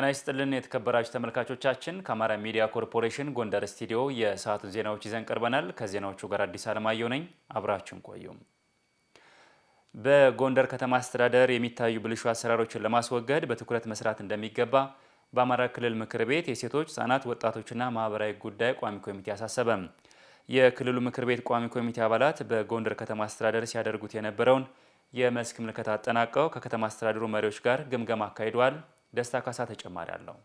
ጤና ይስጥልን የተከበራችሁ ተመልካቾቻችን፣ ከአማራ ሚዲያ ኮርፖሬሽን ጎንደር ስቱዲዮ የሰዓቱን ዜናዎች ይዘን ቀርበናል። ከዜናዎቹ ጋር አዲስ አለማየሁ ነኝ። አብራችን ቆዩ። በጎንደር ከተማ አስተዳደር የሚታዩ ብልሹ አሰራሮችን ለማስወገድ በትኩረት መስራት እንደሚገባ በአማራ ክልል ምክር ቤት የሴቶች ህጻናት፣ ወጣቶችና ማህበራዊ ጉዳይ ቋሚ ኮሚቴ አሳሰበ። የክልሉ ምክር ቤት ቋሚ ኮሚቴ አባላት በጎንደር ከተማ አስተዳደር ሲያደርጉት የነበረውን የመስክ ምልከታ አጠናቀው ከከተማ አስተዳደሩ መሪዎች ጋር ግምገማ አካሂደዋል። ደስታ ካሳ ተጨማሪ አለው።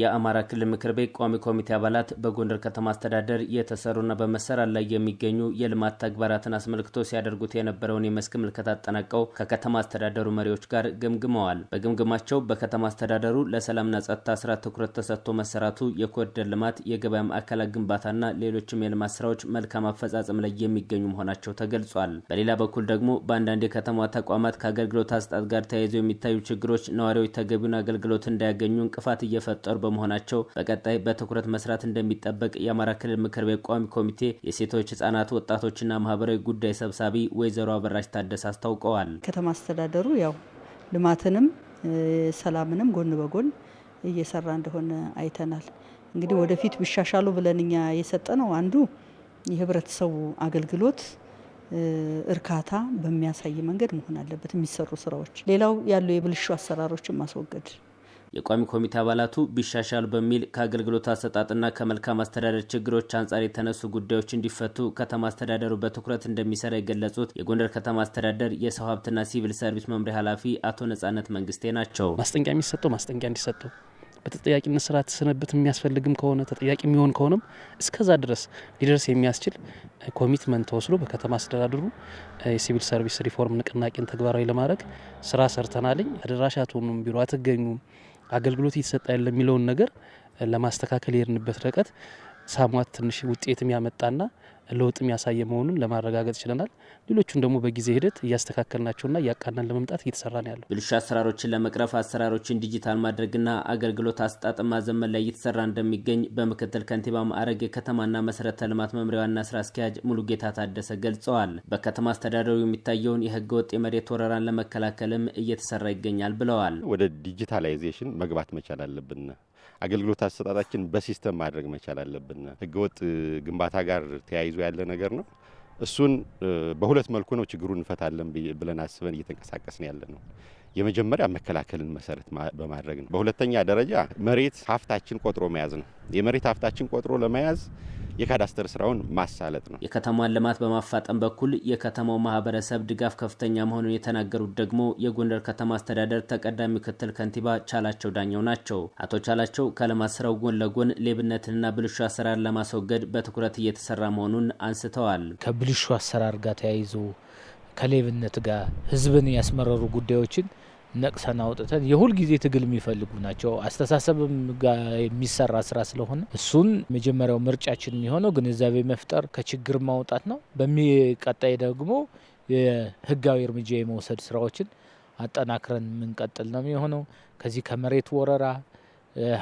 የአማራ ክልል ምክር ቤት ቋሚ ኮሚቴ አባላት በጎንደር ከተማ አስተዳደር የተሰሩና በመሰራት ላይ የሚገኙ የልማት ተግባራትን አስመልክቶ ሲያደርጉት የነበረውን የመስክ ምልከታ አጠናቀው ከከተማ አስተዳደሩ መሪዎች ጋር ገምግመዋል። በግምግማቸው በከተማ አስተዳደሩ ለሰላምና ጸጥታ ስራ ትኩረት ተሰጥቶ መሰራቱ፣ የኮሪደር ልማት፣ የገበያ ማዕከላት ግንባታና ሌሎችም የልማት ስራዎች መልካም አፈጻጸም ላይ የሚገኙ መሆናቸው ተገልጿል። በሌላ በኩል ደግሞ በአንዳንድ የከተማ ተቋማት ከአገልግሎት አስጣት ጋር ተያይዘው የሚታዩ ችግሮች ነዋሪዎች ተገቢውን አገልግሎት እንዳያገኙ እንቅፋት እየፈጠሩ በመሆናቸው በቀጣይ በትኩረት መስራት እንደሚጠበቅ የአማራ ክልል ምክር ቤት ቋሚ ኮሚቴ የሴቶች ህጻናት፣ ወጣቶችና ማህበራዊ ጉዳይ ሰብሳቢ ወይዘሮ አበራሽ ታደስ አስታውቀዋል። ከተማ አስተዳደሩ ያው ልማትንም ሰላምንም ጎን በጎን እየሰራ እንደሆነ አይተናል። እንግዲህ ወደፊት ቢሻሻሉ ብለን እኛ የሰጠ ነው አንዱ የህብረተሰቡ አገልግሎት እርካታ በሚያሳይ መንገድ መሆን አለበት የሚሰሩ ስራዎች። ሌላው ያሉ የብልሹ አሰራሮችን ማስወገድ የቋሚ ኮሚቴ አባላቱ ቢሻሻሉ በሚል ከአገልግሎት አሰጣጥና ከመልካም አስተዳደር ችግሮች አንጻር የተነሱ ጉዳዮች እንዲፈቱ ከተማ አስተዳደሩ በትኩረት እንደሚሰራ የገለጹት የጎንደር ከተማ አስተዳደር የሰው ሀብትና ሲቪል ሰርቪስ መምሪያ ኃላፊ አቶ ነጻነት መንግስቴ ናቸው። ማስጠንቀቂያ የሚሰጠው ማስጠንቀቂያ እንዲሰጠው በተጠያቂነት ስራ ተሰነብት የሚያስፈልግም ከሆነ ተጠያቂ የሚሆን ከሆነም እስከዛ ድረስ ሊደርስ የሚያስችል ኮሚትመንት ተወስዶ በከተማ አስተዳደሩ የሲቪል ሰርቪስ ሪፎርም ንቅናቄን ተግባራዊ ለማድረግ ስራ ሰርተናልኝ። አደራሽ አትሆኑም፣ ቢሮ አትገኙም፣ አገልግሎት እየተሰጠ ያለ የሚለውን ነገር ለማስተካከል የሄድንበት ርቀት ሳሟት ትንሽ ውጤትም ያመጣና ለውጥ የሚያሳየ መሆኑን ለማረጋገጥ ችለናል። ሌሎቹን ደግሞ በጊዜ ሂደት እያስተካከልናቸውና እያቃናን ለመምጣት እየተሰራ ነው ያለው። ብልሹ አሰራሮችን ለመቅረፍ አሰራሮችን ዲጂታል ማድረግና አገልግሎት አሰጣጥን ማዘመን ላይ እየተሰራ እንደሚገኝ በምክትል ከንቲባ ማዕረግ የከተማና መሰረተ ልማት መምሪያ ዋና ስራ አስኪያጅ ሙሉጌታ ታደሰ ገልጸዋል። በከተማ አስተዳደሩ የሚታየውን የህገ ወጥ የመሬት ወረራን ለመከላከልም እየተሰራ ይገኛል ብለዋል። ወደ ዲጂታላይዜሽን መግባት መቻል አለብን። አገልግሎት አሰጣጣችን በሲስተም ማድረግ መቻል አለብን። ህገወጥ ግንባታ ጋር ተያይዞ ተያይዞ ያለ ነገር ነው። እሱን በሁለት መልኩ ነው ችግሩን እንፈታለን ብለን አስበን እየተንቀሳቀስን ያለ ነው። የመጀመሪያ መከላከልን መሰረት በማድረግ ነው። በሁለተኛ ደረጃ መሬት ሀብታችን ቆጥሮ መያዝ ነው። የመሬት ሀብታችን ቆጥሮ ለመያዝ የካዳስተር ስራውን ማሳለጥ ነው። የከተማዋን ልማት በማፋጠን በኩል የከተማው ማህበረሰብ ድጋፍ ከፍተኛ መሆኑን የተናገሩት ደግሞ የጎንደር ከተማ አስተዳደር ተቀዳሚ ምክትል ከንቲባ ቻላቸው ዳኘው ናቸው። አቶ ቻላቸው ከልማት ስራው ጎን ለጎን ሌብነትንና ብልሹ አሰራር ለማስወገድ በትኩረት እየተሰራ መሆኑን አንስተዋል። ከብልሹ አሰራር ጋር ተያይዞ ከሌብነት ጋር ህዝብን ያስመረሩ ጉዳዮችን ነቅሰን አውጥተን የሁል ጊዜ ትግል የሚፈልጉ ናቸው። አስተሳሰብም ጋር የሚሰራ ስራ ስለሆነ እሱን መጀመሪያው ምርጫችን የሚሆነው ግንዛቤ መፍጠር፣ ከችግር ማውጣት ነው። በሚቀጣይ ደግሞ የህጋዊ እርምጃ የመውሰድ ስራዎችን አጠናክረን የምንቀጥል ነው የሚሆነው። ከዚህ ከመሬት ወረራ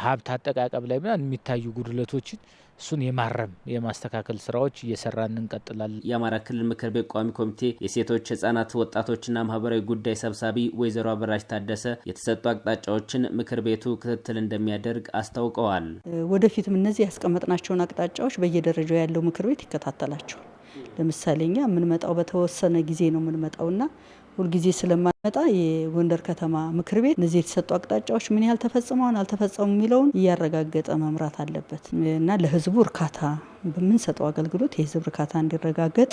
ሀብት አጠቃቀም ላይ ምናምን የሚታዩ ጉድለቶችን እሱን የማረም የማስተካከል ስራዎች እየሰራ እንቀጥላለን። የአማራ ክልል ምክር ቤት ቋሚ ኮሚቴ የሴቶች ህጻናት፣ ወጣቶችና ማህበራዊ ጉዳይ ሰብሳቢ ወይዘሮ አበራሽ ታደሰ የተሰጡ አቅጣጫዎችን ምክር ቤቱ ክትትል እንደሚያደርግ አስታውቀዋል። ወደፊትም እነዚህ ያስቀመጥናቸውን አቅጣጫዎች በየደረጃው ያለው ምክር ቤት ይከታተላቸዋል። ለምሳሌ እኛ የምንመጣው በተወሰነ ጊዜ ነው የምንመጣውና ሁልጊዜ ስለማመጣ የጎንደር ከተማ ምክር ቤት እነዚህ የተሰጡ አቅጣጫዎች ምን ያህል ተፈጽመዋል አልተፈጸሙ የሚለውን እያረጋገጠ መምራት አለበት እና ለህዝቡ እርካታ በምንሰጠው አገልግሎት የህዝብ እርካታ እንዲረጋገጥ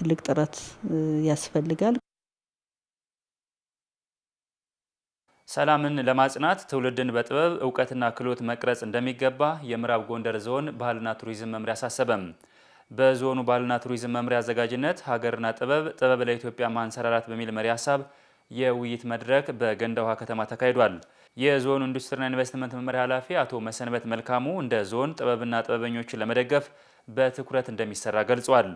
ትልቅ ጥረት ያስፈልጋል። ሰላምን ለማጽናት ትውልድን በጥበብ እውቀትና ክህሎት መቅረጽ እንደሚገባ የምዕራብ ጎንደር ዞን ባህልና ቱሪዝም መምሪያ አሳሰበም። በዞኑ ባህልና ቱሪዝም መምሪያ አዘጋጅነት ሀገርና ጥበብ ጥበብ ለኢትዮጵያ ማንሰራራት በሚል መሪ ሀሳብ የውይይት መድረክ በገንዳ ውሃ ከተማ ተካሂዷል። የዞኑ ኢንዱስትሪና ኢንቨስትመንት መምሪያ ኃላፊ አቶ መሰንበት መልካሙ እንደ ዞን ጥበብና ጥበበኞችን ለመደገፍ በትኩረት እንደሚሰራ ገልጿል።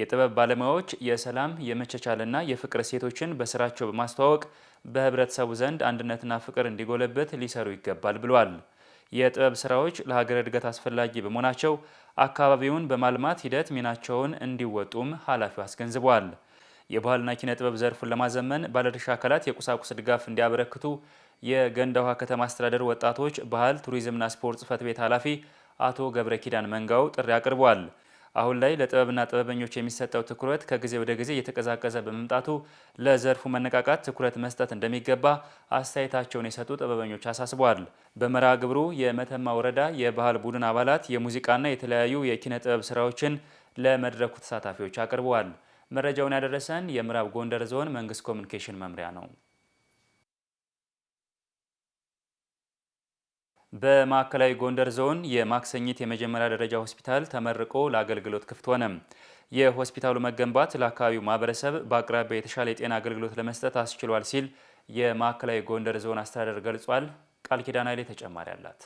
የጥበብ ባለሙያዎች የሰላም የመቻቻልና የፍቅር እሴቶችን በስራቸው በማስተዋወቅ በህብረተሰቡ ዘንድ አንድነትና ፍቅር እንዲጎለበት ሊሰሩ ይገባል ብሏል። የጥበብ ስራዎች ለሀገር እድገት አስፈላጊ በመሆናቸው አካባቢውን በማልማት ሂደት ሚናቸውን እንዲወጡም ኃላፊው አስገንዝቧል። የባህልና ኪነ ጥበብ ዘርፉን ለማዘመን ባለድርሻ አካላት የቁሳቁስ ድጋፍ እንዲያበረክቱ የገንዳ ውሃ ከተማ አስተዳደር ወጣቶች ባህል ቱሪዝምና ስፖርት ጽህፈት ቤት ኃላፊ አቶ ገብረ ኪዳን መንጋው ጥሪ አቅርቧል። አሁን ላይ ለጥበብና ጥበበኞች የሚሰጠው ትኩረት ከጊዜ ወደ ጊዜ እየተቀዛቀዘ በመምጣቱ ለዘርፉ መነቃቃት ትኩረት መስጠት እንደሚገባ አስተያየታቸውን የሰጡ ጥበበኞች አሳስበዋል። በመርሃ ግብሩ የመተማ ወረዳ የባህል ቡድን አባላት የሙዚቃና የተለያዩ የኪነ ጥበብ ስራዎችን ለመድረኩ ተሳታፊዎች አቅርበዋል። መረጃውን ያደረሰን የምዕራብ ጎንደር ዞን መንግስት ኮሚኒኬሽን መምሪያ ነው። በማዕከላዊ ጎንደር ዞን የማክሰኝት የመጀመሪያ ደረጃ ሆስፒታል ተመርቆ ለአገልግሎት ክፍት ሆነ። የሆስፒታሉ መገንባት ለአካባቢው ማህበረሰብ በአቅራቢያ የተሻለ የጤና አገልግሎት ለመስጠት አስችሏል ሲል የማዕከላዊ ጎንደር ዞን አስተዳደር ገልጿል። ቃል ኪዳን ኃይሌ ተጨማሪ አላት።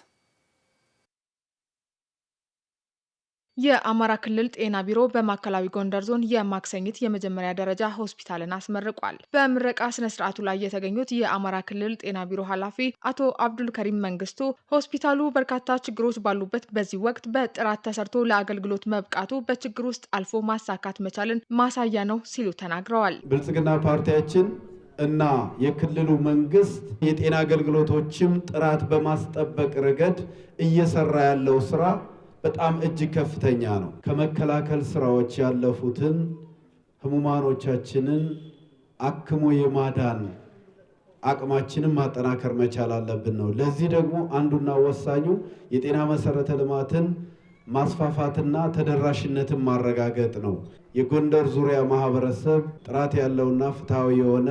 የአማራ ክልል ጤና ቢሮ በማዕከላዊ ጎንደር ዞን የማክሰኝት የመጀመሪያ ደረጃ ሆስፒታልን አስመርቋል። በምረቃ ስነ ስርዓቱ ላይ የተገኙት የአማራ ክልል ጤና ቢሮ ኃላፊ አቶ አብዱል ከሪም መንግስቱ ሆስፒታሉ በርካታ ችግሮች ባሉበት በዚህ ወቅት በጥራት ተሰርቶ ለአገልግሎት መብቃቱ በችግር ውስጥ አልፎ ማሳካት መቻልን ማሳያ ነው ሲሉ ተናግረዋል። ብልጽግና ፓርቲያችን እና የክልሉ መንግስት የጤና አገልግሎቶችም ጥራት በማስጠበቅ ረገድ እየሰራ ያለው ስራ በጣም እጅግ ከፍተኛ ነው። ከመከላከል ስራዎች ያለፉትን ህሙማኖቻችንን አክሞ የማዳን አቅማችንን ማጠናከር መቻል አለብን ነው። ለዚህ ደግሞ አንዱና ወሳኙ የጤና መሰረተ ልማትን ማስፋፋትና ተደራሽነትን ማረጋገጥ ነው። የጎንደር ዙሪያ ማህበረሰብ ጥራት ያለውና ፍትሐዊ የሆነ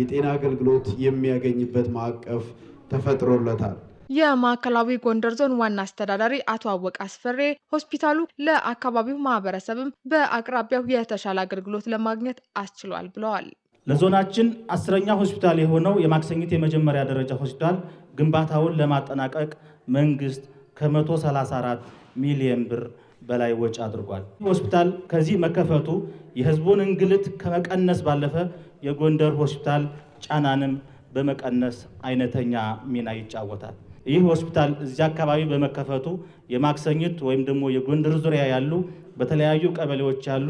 የጤና አገልግሎት የሚያገኝበት ማዕቀፍ ተፈጥሮለታል። የማዕከላዊ ጎንደር ዞን ዋና አስተዳዳሪ አቶ አወቅ አስፈሬ ሆስፒታሉ ለአካባቢው ማህበረሰብም በአቅራቢያው የተሻለ አገልግሎት ለማግኘት አስችሏል ብለዋል። ለዞናችን አስረኛ ሆስፒታል የሆነው የማክሰኝት የመጀመሪያ ደረጃ ሆስፒታል ግንባታውን ለማጠናቀቅ መንግስት ከ134 ሚሊዮን ብር በላይ ወጪ አድርጓል። ሆስፒታል ከዚህ መከፈቱ የህዝቡን እንግልት ከመቀነስ ባለፈ የጎንደር ሆስፒታል ጫናንም በመቀነስ አይነተኛ ሚና ይጫወታል። ይህ ሆስፒታል እዚህ አካባቢ በመከፈቱ የማክሰኝት ወይም ደግሞ የጎንደር ዙሪያ ያሉ በተለያዩ ቀበሌዎች ያሉ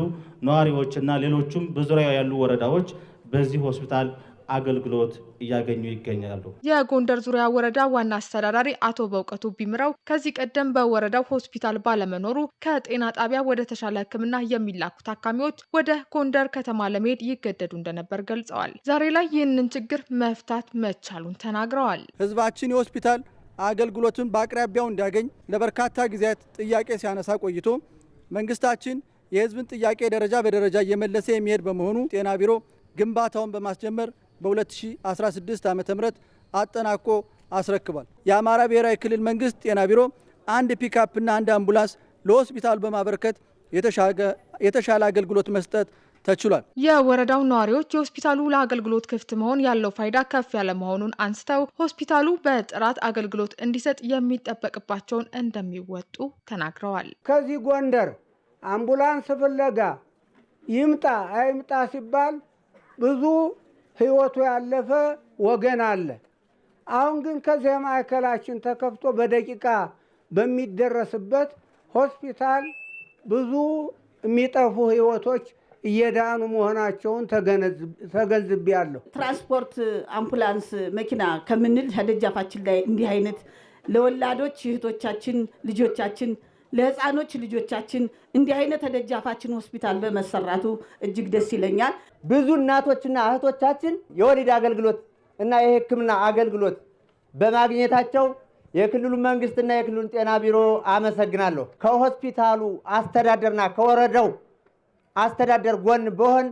ነዋሪዎችና ሌሎቹም በዙሪያው ያሉ ወረዳዎች በዚህ ሆስፒታል አገልግሎት እያገኙ ይገኛሉ። የጎንደር ዙሪያ ወረዳ ዋና አስተዳዳሪ አቶ በእውቀቱ ቢምረው ከዚህ ቀደም በወረዳው ሆስፒታል ባለመኖሩ ከጤና ጣቢያ ወደ ተሻለ ሕክምና የሚላኩ ታካሚዎች ወደ ጎንደር ከተማ ለመሄድ ይገደዱ እንደነበር ገልጸዋል። ዛሬ ላይ ይህንን ችግር መፍታት መቻሉን ተናግረዋል። ህዝባችን የሆስፒታል አገልግሎትን በአቅራቢያው እንዲያገኝ ለበርካታ ጊዜያት ጥያቄ ሲያነሳ ቆይቶ መንግስታችን የህዝብን ጥያቄ ደረጃ በደረጃ እየመለሰ የሚሄድ በመሆኑ ጤና ቢሮ ግንባታውን በማስጀመር በ2016 ዓ ም አጠናቆ አስረክቧል። የአማራ ብሔራዊ ክልል መንግስት ጤና ቢሮ አንድ ፒካፕና አንድ አምቡላንስ ለሆስፒታሉ በማበረከት የተሻለ አገልግሎት መስጠት ተችሏል። የወረዳው ነዋሪዎች የሆስፒታሉ ለአገልግሎት ክፍት መሆን ያለው ፋይዳ ከፍ ያለ መሆኑን አንስተው ሆስፒታሉ በጥራት አገልግሎት እንዲሰጥ የሚጠበቅባቸውን እንደሚወጡ ተናግረዋል። ከዚህ ጎንደር አምቡላንስ ፍለጋ ይምጣ አይምጣ ሲባል ብዙ ሕይወቱ ያለፈ ወገን አለ። አሁን ግን ከዚህ ማዕከላችን ተከፍቶ በደቂቃ በሚደረስበት ሆስፒታል ብዙ የሚጠፉ ሕይወቶች እየዳኑ መሆናቸውን ተገንዝቤያለሁ። ትራንስፖርት አምቡላንስ መኪና ከምንል ከደጃፋችን ላይ እንዲህ አይነት ለወላዶች እህቶቻችን፣ ልጆቻችን፣ ለህፃኖች ልጆቻችን እንዲህ አይነት ተደጃፋችን ሆስፒታል በመሰራቱ እጅግ ደስ ይለኛል። ብዙ እናቶችና እህቶቻችን የወሊድ አገልግሎት እና የሕክምና አገልግሎት በማግኘታቸው የክልሉ መንግስትና የክልሉን ጤና ቢሮ አመሰግናለሁ። ከሆስፒታሉ አስተዳደርና ከወረዳው አስተዳደር ጎን በሆን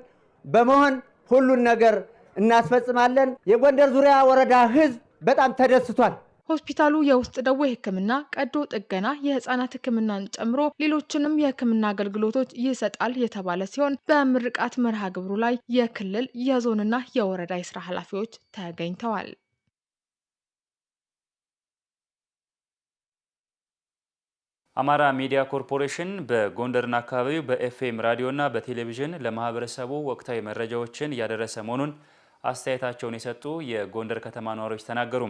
በመሆን ሁሉን ነገር እናስፈጽማለን። የጎንደር ዙሪያ ወረዳ ህዝብ በጣም ተደስቷል። ሆስፒታሉ የውስጥ ደዌ ሕክምና፣ ቀዶ ጥገና፣ የህፃናት ህክምናን ጨምሮ ሌሎችንም የሕክምና አገልግሎቶች ይሰጣል የተባለ ሲሆን በምርቃት መርሃ ግብሩ ላይ የክልል የዞንና የወረዳ የስራ ኃላፊዎች ተገኝተዋል። አማራ ሚዲያ ኮርፖሬሽን በጎንደርና አካባቢው በኤፍኤም ራዲዮና በቴሌቪዥን ለማህበረሰቡ ወቅታዊ መረጃዎችን እያደረሰ መሆኑን አስተያየታቸውን የሰጡ የጎንደር ከተማ ነዋሪዎች ተናገሩ።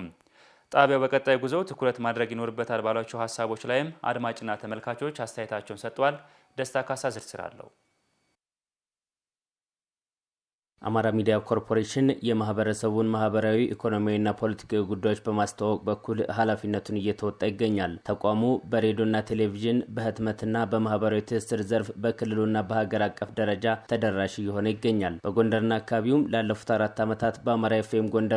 ጣቢያው በቀጣይ ጉዞው ትኩረት ማድረግ ይኖርበታል ባሏቸው ሀሳቦች ላይም አድማጭና ተመልካቾች አስተያየታቸውን ሰጥተዋል። ደስታ ካሳ ዝርዝር አለው። አማራ ሚዲያ ኮርፖሬሽን የማህበረሰቡን ማህበራዊ፣ ኢኮኖሚያዊና ፖለቲካዊ ጉዳዮች በማስተዋወቅ በኩል ኃላፊነቱን እየተወጣ ይገኛል። ተቋሙ በሬዲዮና ቴሌቪዥን፣ በህትመትና በማህበራዊ ትስስር ዘርፍ በክልሉና በሀገር አቀፍ ደረጃ ተደራሽ እየሆነ ይገኛል። በጎንደርና አካባቢውም ላለፉት አራት ዓመታት በአማራ ኤፍኤም ጎንደር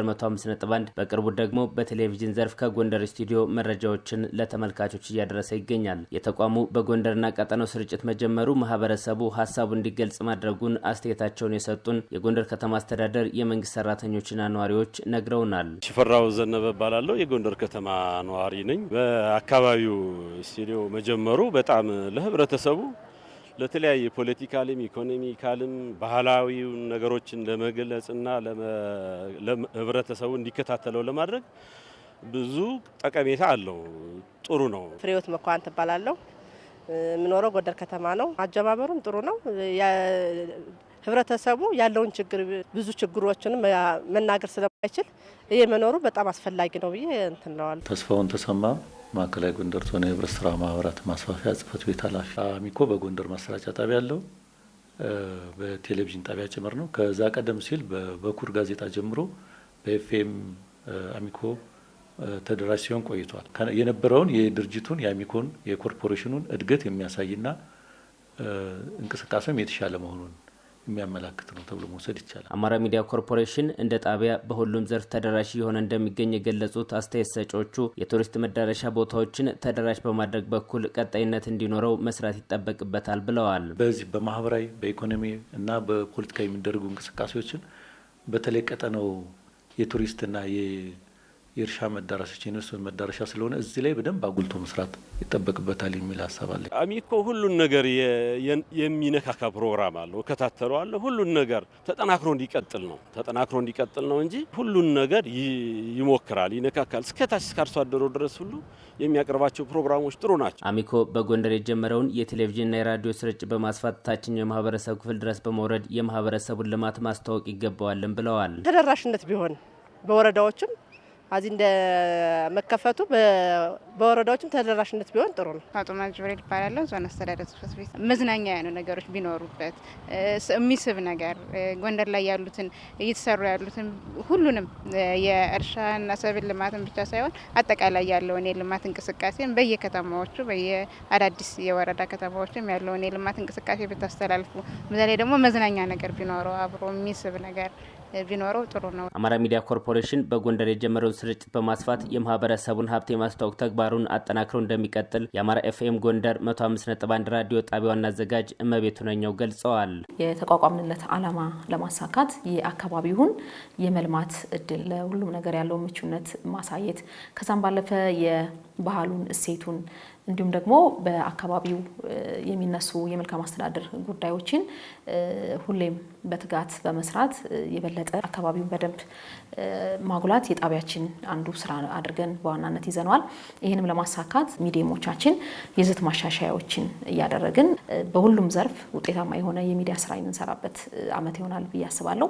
አንድ በቅርቡ ደግሞ በቴሌቪዥን ዘርፍ ከጎንደር ስቱዲዮ መረጃዎችን ለተመልካቾች እያደረሰ ይገኛል። የተቋሙ በጎንደርና ቀጠናው ስርጭት መጀመሩ ማህበረሰቡ ሀሳቡ እንዲገልጽ ማድረጉን አስተያየታቸውን የሰጡን የጎንደር ከተማ አስተዳደር የመንግስት ሰራተኞችና ነዋሪዎች ነግረውናል። ሽፈራው ዘነበ እባላለሁ። የጎንደር ከተማ ነዋሪ ነኝ። በአካባቢው ስቱዲዮ መጀመሩ በጣም ለህብረተሰቡ ለተለያየ ፖለቲካልም ኢኮኖሚካልም ባህላዊ ነገሮችን ለመግለጽና ህብረተሰቡ እንዲከታተለው ለማድረግ ብዙ ጠቀሜታ አለው። ጥሩ ነው። ፍሬወት መኳን ትባላለሁ። የምኖረው ጎንደር ከተማ ነው። አጀማመሩም ጥሩ ነው። ህብረተሰቡ ያለውን ችግር ብዙ ችግሮችንም መናገር ስለማይችል ይህ መኖሩ በጣም አስፈላጊ ነው ብዬ እንትንለዋል። ተስፋውን ተሰማ ማዕከላዊ ጎንደር ዞን የህብረት ስራ ማህበራት ማስፋፊያ ጽህፈት ቤት ኃላፊ። አሚኮ በጎንደር ማሰራጫ ጣቢያ አለው፣ በቴሌቪዥን ጣቢያ ጭምር ነው። ከዛ ቀደም ሲል በበኩር ጋዜጣ ጀምሮ በኤፍኤም አሚኮ ተደራጅ ሲሆን ቆይቷል። የነበረውን የድርጅቱን የአሚኮን የኮርፖሬሽኑን እድገት የሚያሳይና እንቅስቃሴም የተሻለ መሆኑን የሚያመላክት ነው ተብሎ መውሰድ ይቻላል። አማራ ሚዲያ ኮርፖሬሽን እንደ ጣቢያ በሁሉም ዘርፍ ተደራሽ እየሆነ እንደሚገኝ የገለጹት አስተያየት ሰጪዎቹ የቱሪስት መዳረሻ ቦታዎችን ተደራሽ በማድረግ በኩል ቀጣይነት እንዲኖረው መስራት ይጠበቅበታል ብለዋል። በዚህ በማህበራዊ በኢኮኖሚ እና በፖለቲካ የሚደረጉ እንቅስቃሴዎችን በተለይ ቀጠነው የቱሪስትና የእርሻ መዳረሻች የነርሶች መዳረሻ ስለሆነ እዚህ ላይ በደንብ አጉልቶ መስራት ይጠበቅበታል የሚል ሀሳብ አለ። አሚኮ ሁሉን ነገር የሚነካካ ፕሮግራም አለው፣ እከታተለዋለሁ። ሁሉን ነገር ተጠናክሮ እንዲቀጥል ነው ተጠናክሮ እንዲቀጥል ነው እንጂ ሁሉን ነገር ይሞክራል፣ ይነካካል። እስከ እስከ አርሶ አደሮ ድረስ ሁሉ የሚያቀርባቸው ፕሮግራሞች ጥሩ ናቸው። አሚኮ በጎንደር የጀመረውን የቴሌቪዥንና የራዲዮ ስርጭ በማስፋት ታችኛው የማህበረሰብ ክፍል ድረስ በመውረድ የማህበረሰቡን ልማት ማስተዋወቅ ይገባዋልን ብለዋል። ተደራሽነት ቢሆን በወረዳዎችም አዚህ እንደ መከፈቱ በወረዳዎችም ተደራሽነት ቢሆን ጥሩ ነው። ፋጡማ ጅብሬል ይባላለሁ። ዞን አስተዳደር ጽሕፈት ቤት መዝናኛ ያሉ ነገሮች ቢኖሩበት የሚስብ ነገር ጎንደር ላይ ያሉትን እየተሰሩ ያሉትን ሁሉንም የእርሻና ሰብል ልማትን ብቻ ሳይሆን አጠቃላይ ያለውን የልማት እንቅስቃሴን በየከተማዎቹ በየአዳዲስ የወረዳ ከተማዎችም ያለውን የልማት እንቅስቃሴ ብታስተላልፉ በተለይ ደግሞ መዝናኛ ነገር ቢኖረው አብሮ የሚስብ ነገር ቢኖረው ጥሩ ነው። አማራ ሚዲያ ኮርፖሬሽን በጎንደር የጀመረውን ስርጭት በማስፋት የማህበረሰቡን ሀብት የማስታወቅ ተግባሩን አጠናክሮ እንደሚቀጥል የአማራ ኤፍኤም ጎንደር 105.1 ራዲዮ ጣቢያዋና አዘጋጅ እመቤቱ ነኘው ገልጸዋል። የተቋቋምንለት ዓላማ ለማሳካት የአካባቢውን የመልማት እድል ለሁሉም ነገር ያለው ምቹነት ማሳየት ከዛም ባለፈ የባህሉን እሴቱን እንዲሁም ደግሞ በአካባቢው የሚነሱ የመልካም አስተዳደር ጉዳዮችን ሁሌም በትጋት በመስራት የበለጠ አካባቢውን በደንብ ማጉላት የጣቢያችን አንዱ ስራ አድርገን በዋናነት ይዘነዋል። ይህንም ለማሳካት ሚዲየሞቻችን የይዘት ማሻሻያዎችን እያደረግን በሁሉም ዘርፍ ውጤታማ የሆነ የሚዲያ ስራ የምንሰራበት አመት ይሆናል ብዬ አስባለሁ።